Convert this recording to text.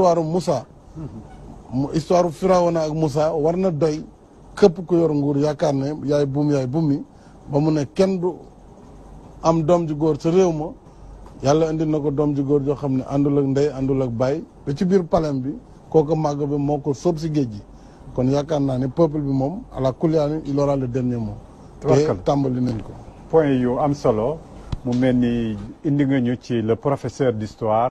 histoire Moussa histoire Firawna ak musa war na doy képp ku yor nguur yaakaar ne yaay buum yaay bummi ba mu ne kenn du am doom ju góor sa réew ma yàlla indi na ko doom ju góor joo xam ne àndul ak ndey àndul ak baay ba ci biir palem bi kooku màgg bi moo ko sóob si géej gi kon yaakaar naa ne peuple bi moom ala kulliyaani il aura le dernier mot te tàmbali nañ ko point yu am solo mu mel ni indi nga ñu ci le professeur d'histoire